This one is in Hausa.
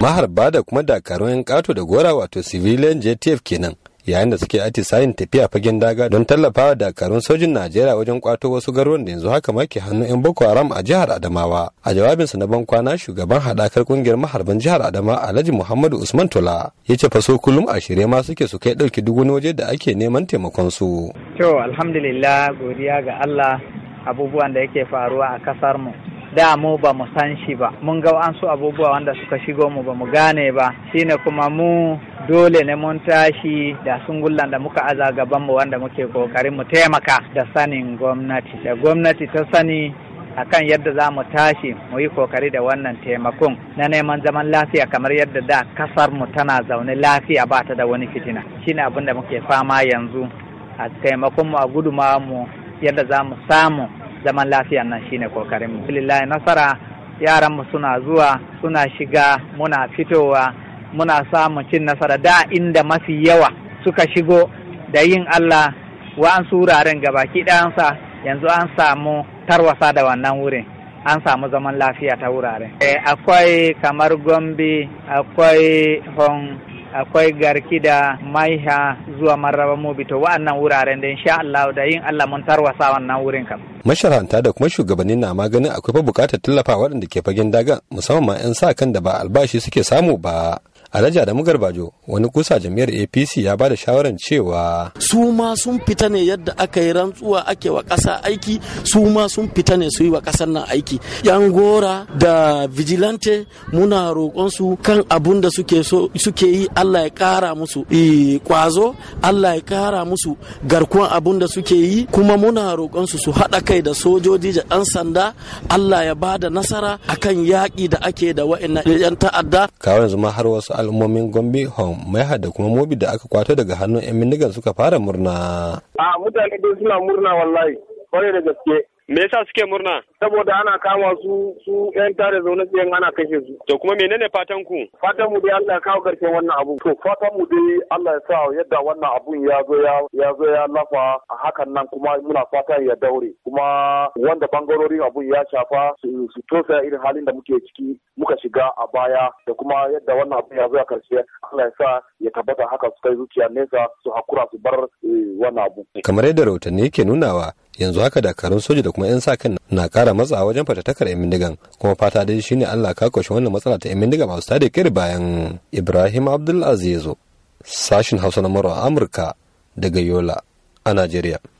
maharba da kuma dakarun yan kato da gora wato civilian jtf kenan yayin da suke atisayin tafiya fagen daga don tallafawa dakarun sojin najeriya wajen kwato wasu garuruwan da yanzu haka make hannun yan boko haram a jihar adamawa a jawabinsa na ban kwana shugaban haɗakar kungiyar maharban jihar adama alhaji muhammadu usman tola ya ce faso kullum a shirye ma suke su kai ɗauki duk wani waje da ake neman taimakon su. to alhamdulillah godiya ga allah abubuwan da yake faruwa a kasar mu da mu ba mu san shi ba mun ga an su abubuwa wanda suka shigo mu ba mu gane ba shine kuma mu dole ne mun tashi da sungullan da muka aza gaban mu wanda muke kokarin mu taimaka da sanin gwamnati da gwamnati ta sani akan yadda za mu tashi mu yi kokari da wannan taimakon na neman zaman lafiya kamar yadda da kasar mu tana zaune lafiya ba ta da wani fitina shine abin da muke fama yanzu a taimakon mu a gudumawa mu yadda za mu samu zaman lafiyan nan shine kokarin mu lillahi nasara yaran mu suna zuwa suna shiga muna fitowa muna samun cin nasara da inda mafi yawa suka shigo da yin Allah wa'ansu wuraren gabaki ɗayansa yanzu an samu tarwasa da wannan wurin an samu zaman lafiya ta wuraren. Eh, akwai kamar gombe akwai hong akwai garki da maiha zuwa maraba mobi to wa'annan wuraren da insha Allah da yin Allah mun tarwasa wannan wurin kam masharanta da kuma shugabanni na maganin akwai fa bukatar tallafa waɗanda ke fagen daga musamman ma 'yan sa kan da ba albashi suke samu ba Alhaji Adamu Garbajo wani kusa jami'ar APC ya ba da shawarar cewa su ma sun fita ne yadda aka yi rantsuwa ake wa ƙasa aiki su ma sun fita ne su yi wa ƙasar nan aiki yan gora da vigilante muna roƙon su kan abun da suke so suke yi Allah ya ƙara musu kwazo e, Allah ya ƙara musu garkuwan abun da suke yi kuma muna roƙon su haɗa kai da sojoji da ɗan sanda Allah ya ba da nasara akan yaƙi da ake da wa'annan 'yan ta'adda kawai yanzu ma har wasu al'ummomin gombe hong maiha da kuma mobi da aka kwato daga hannun 'yan bindigan suka fara murna a mutane dai suna murna wallahi kwarai da gaske Me yasa suke murna? Saboda ana kama su su yan tare zaune tsayen ana kashe su. To kuma menene fatan ku? Fatan mu dai Allah ya kawo karshen wannan abu. To fatan mu dai Allah ya sa yadda wannan abun ya zo ya ya zo ya lafa a hakan nan kuma muna fata ya daure. Kuma wanda bangarorin abun ya shafa su tosa irin halin da muke ciki muka shiga a baya da kuma yadda wannan abun ya zo ya karshe Allah ya sa ya tabbata haka su kai zuciya nesa su hakura su bar eh, wannan abu. Kamar yadda rahotanni ke nunawa yanzu haka dakarun soja da kuma 'yan sa kan na kara matsawa wajen fatattakar 'yan bindigan kuma fata dai shine allah ka kwashe wannan matsala ta 'yan bindiga masu tada kir bayan ibrahim abdulaziz sashin hausa na a amurka daga yola a najeriya